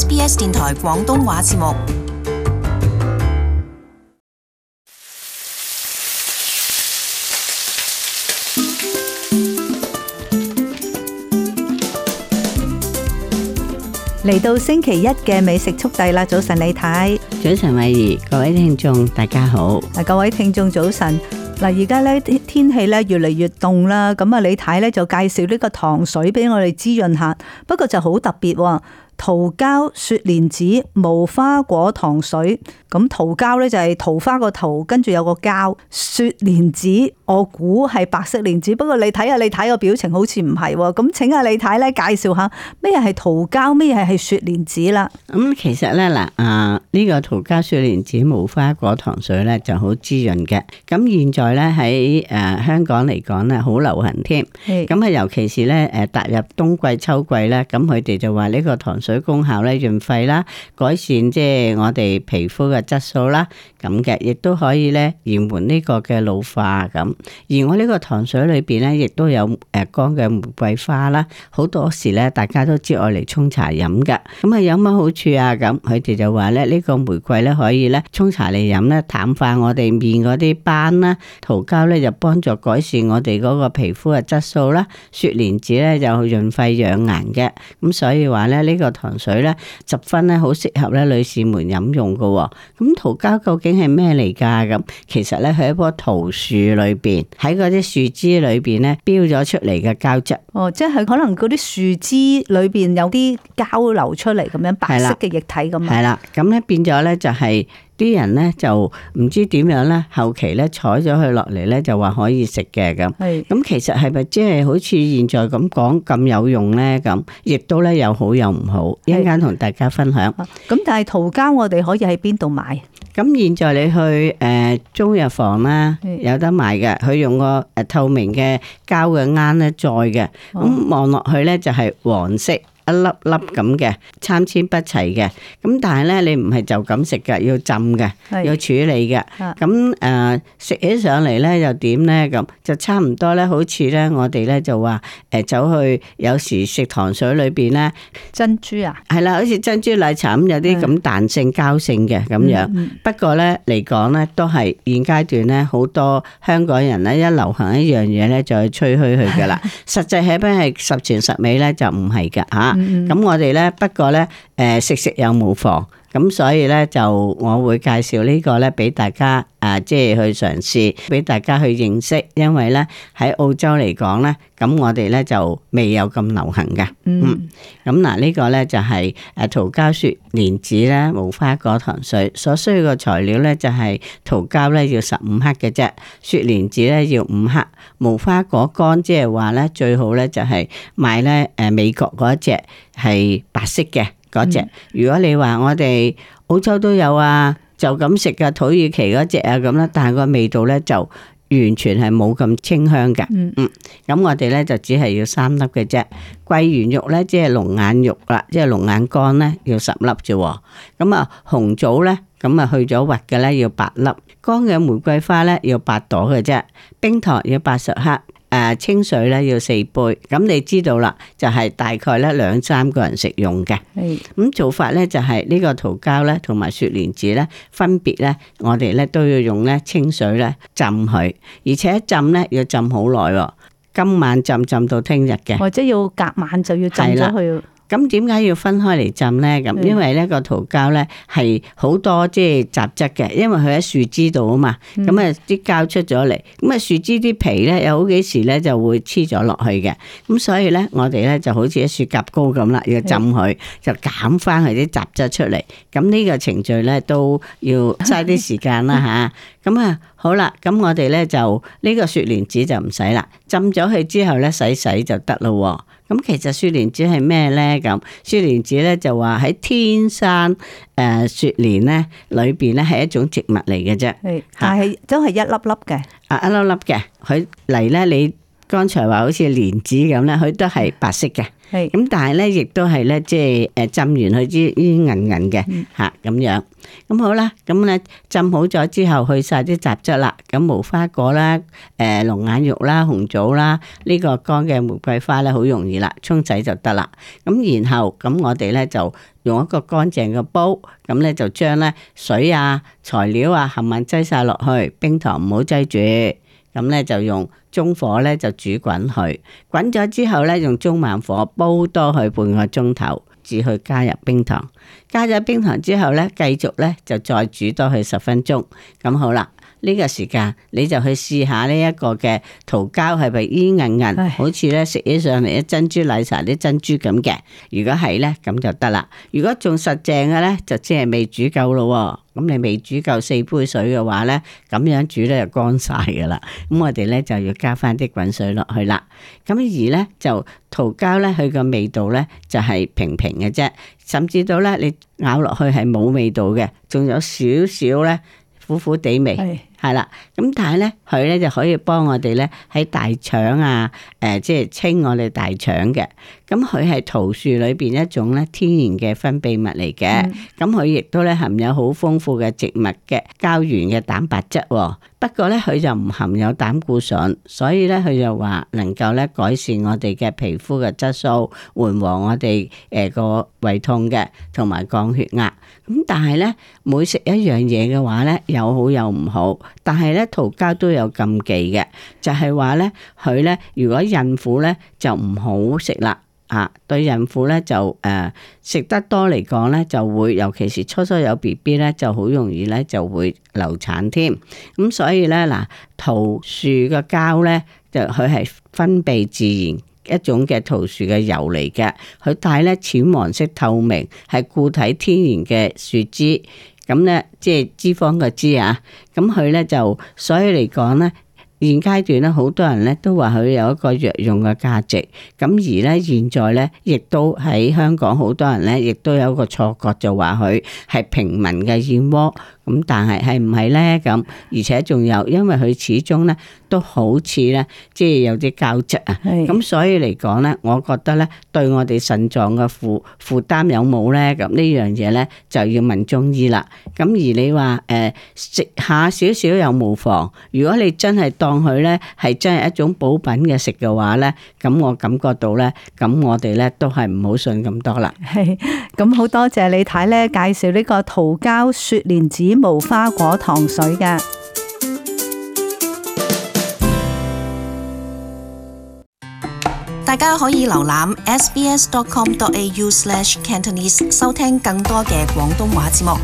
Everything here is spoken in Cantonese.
SBS 電台廣東話節目，嚟到星期一嘅美食速遞啦！早晨，李太，早晨，偉兒，各位聽眾大家好。嗱，各位聽眾早晨。嗱，而家咧天氣咧越嚟越凍啦，咁啊，李太咧就介紹呢個糖水俾我哋滋潤下，不過就好特別。桃膠雪蓮子無花果糖水，咁桃膠咧就係桃花個桃，跟住有個膠雪蓮子，我估係白色蓮子，不過你睇下你睇個表情好似唔係喎，咁請你看看介紹下李太咧介紹下咩係桃膠，咩係雪蓮子啦。咁其實咧嗱，啊、這、呢個桃膠雪蓮子無花果糖水咧就好滋潤嘅，咁現在咧喺誒香港嚟講咧好流行添，咁啊是尤其是咧誒踏入冬季、秋季咧，咁佢哋就話呢個糖水。水功效咧，潤肺啦，改善，即係我哋皮膚嘅質素啦，咁嘅，亦都可以咧延緩呢個嘅老化咁。而我呢個糖水裏邊咧，亦都有誒乾嘅玫瑰花啦，好多時咧，大家都知我嚟沖茶飲噶，咁啊有乜好處啊？咁佢哋就話咧，呢個玫瑰咧可以咧沖茶嚟飲咧，淡化我哋面嗰啲斑啦，桃膠咧就幫助改善我哋嗰個皮膚嘅質素啦，雪蓮子咧就潤肺養顏嘅，咁所以話咧呢個。糖水咧，十分咧，好適合咧女士們飲用噶。咁桃膠究竟係咩嚟噶？咁其實咧，佢喺一棵桃樹裏邊喺嗰啲樹枝裏邊咧，標咗出嚟嘅膠質。哦，即係可能嗰啲樹枝裏邊有啲膠流出嚟，咁樣的白色嘅液體咁樣。係啦，咁咧變咗咧就係、是。啲人咧就唔知點樣咧，後期咧採咗佢落嚟咧就話可以食嘅咁。咁是其實係咪即係好似現在咁講咁有用咧？咁亦都咧有好有唔好，一陣間同大家分享。咁、啊、但係桃膠我哋可以喺邊度買？咁、啊、現在你去誒中藥房啦，有得賣嘅。佢用個誒透明嘅膠嘅罌咧載嘅，咁望落去咧就係、是、黃色。一粒粒咁嘅參差不齊嘅，咁但係咧你唔係就咁食㗎，要浸嘅，要處理嘅。咁誒食起上嚟咧又點咧咁？就差唔多咧，好似咧我哋咧就話誒走去有時食糖水裏邊咧珍珠啊，係啦，好似珍珠奶茶咁有啲咁彈性膠性嘅咁樣。不過咧嚟講咧都係現階段咧好多香港人咧一流行一樣嘢咧就去吹噓佢㗎啦，實際起返係十全十美咧就唔係㗎吓。.咁、嗯、我哋咧，不過咧，誒食食有冇妨。咁所以咧就我會介紹呢個咧俾大家誒，即、啊、係、就是、去嘗試，俾大家去認識，因為咧喺澳洲嚟講咧，咁我哋咧就未有咁流行嘅。嗯，咁嗱呢個咧就係誒桃膠雪蓮子咧，無花果糖水所需要嘅材料咧就係桃膠咧要十五克嘅啫，雪蓮子咧要五克，無花果乾即係話咧最好咧就係買咧誒、啊、美國嗰一隻係白色嘅。嗰隻，如果你話我哋澳洲都有啊，就咁食嘅土耳其嗰隻啊咁啦，但係個味道咧就完全係冇咁清香嘅。嗯，咁我哋咧就只係要三粒嘅啫。桂圓肉咧即係龍眼肉啦，即係龍眼乾咧要十粒啫。咁啊紅棗咧，咁啊去咗核嘅咧要八粒。乾嘅玫瑰花咧要八朵嘅啫。冰糖要八十克。誒，清水咧要四杯，咁你知道啦，就係大概咧兩三個人食用嘅。係，咁做法咧就係呢個桃膠咧同埋雪蓮子咧，分別咧我哋咧都要用咧清水咧浸佢，而且浸咧要浸好耐，今晚浸浸到聽日嘅。或者要隔晚就要浸咗去。咁點解要分開嚟浸咧？咁因為咧個桃膠咧係好多即係雜質嘅，因為佢喺樹枝度啊嘛。咁啊啲膠出咗嚟，咁啊樹枝啲皮咧有好幾時咧就會黐咗落去嘅。咁所以咧我哋咧就好似一雪蛤膏咁啦，要浸佢的就減翻佢啲雜質出嚟。咁呢個程序咧都要嘥啲時間啦嚇。 咁啊、嗯，好啦，咁我哋咧就呢、這個雪蓮子就唔使啦，浸咗佢之後咧洗洗就得咯。咁、嗯、其實雪蓮子係咩咧？咁雪蓮子咧就話喺天山誒、呃、雪蓮咧裏邊咧係一種植物嚟嘅啫，但係都係一粒粒嘅，啊一粒粒嘅，佢嚟咧你剛才話好似蓮子咁咧，佢都係白色嘅。係，咁是但係咧，亦都係咧，即係誒浸完佢啲啲韌韌嘅嚇咁樣，咁、嗯、好啦，咁、嗯、咧浸好咗之後，去晒啲雜質啦，咁無花果啦、誒、呃、龍眼肉啦、紅棗啦，呢、這個乾嘅玫瑰花咧，好容易啦，沖洗就得啦。咁然後咁我哋咧就用一個乾淨嘅煲，咁咧就將咧水啊、材料啊，慢慢擠晒落去，冰糖唔好擠住。咁呢就用中火呢，就煮滾佢，滾咗之後呢，用中慢火煲多佢半個鐘頭，至去加入冰糖。加入冰糖之後呢，繼續呢，就再煮多佢十分鐘。咁好啦。呢個時間你就去試下呢一個嘅桃膠係咪煙韌韌，唉好似咧食起上嚟啲珍珠奶茶啲珍珠咁嘅。如果係咧，咁就得啦。如果仲實淨嘅咧，就即係未煮夠咯。咁你未煮夠四杯水嘅話咧，咁樣煮咧就乾晒噶啦。咁我哋咧就要加翻啲滾水落去啦。咁而咧就桃膠咧，佢個味道咧就係平平嘅啫，甚至到咧你咬落去係冇味道嘅，仲有少少咧苦苦地味。係啦，咁但係咧，佢咧就可以幫我哋咧喺大腸啊，誒、呃，即係清我哋大腸嘅。咁佢係桃樹裏邊一種咧天然嘅分泌物嚟嘅。咁佢亦都咧含有好豐富嘅植物嘅膠原嘅蛋白質。不過咧，佢就唔含有膽固醇，所以咧，佢就話能夠咧改善我哋嘅皮膚嘅質素，緩和我哋誒個胃痛嘅，同埋降血壓。咁但係咧，每食一樣嘢嘅話咧，有好有唔好。但係咧，桃膠都有禁忌嘅，就係話咧，佢咧如果孕婦咧就唔好食啦啊，對孕婦咧就誒、呃、食得多嚟講咧就會，尤其是初初有 B B 咧就好容易咧就會流產添。咁、嗯、所以咧嗱桃樹嘅膠咧就佢係分泌自然一種嘅桃樹嘅油嚟嘅，佢帶咧淺黃色透明，係固體天然嘅樹脂。咁咧，即係脂肪個脂啊，咁佢咧就，所以嚟講咧。現階段咧，好多人咧都話佢有一個藥用嘅價值，咁而咧現在咧亦都喺香港好多人咧，亦都有一個錯覺就話佢係平民嘅燕窩，咁但係係唔係咧？咁而且仲有，因為佢始終咧都好似咧，即係有啲膠質啊，咁所以嚟講咧，我覺得咧對我哋腎臟嘅負負擔有冇咧？咁呢樣嘢咧就要問中醫啦。咁而你話誒、呃、食下少少又無妨，如果你真係當當佢咧係真係一種補品嘅食嘅話咧，咁我感覺到咧，咁我哋咧都係唔好信咁多啦。係，咁好多謝李太咧介紹呢個桃膠雪蓮子無花果糖水嘅，大家可以瀏覽 sbs.com.au/cantonese 收聽更多嘅廣東話節目。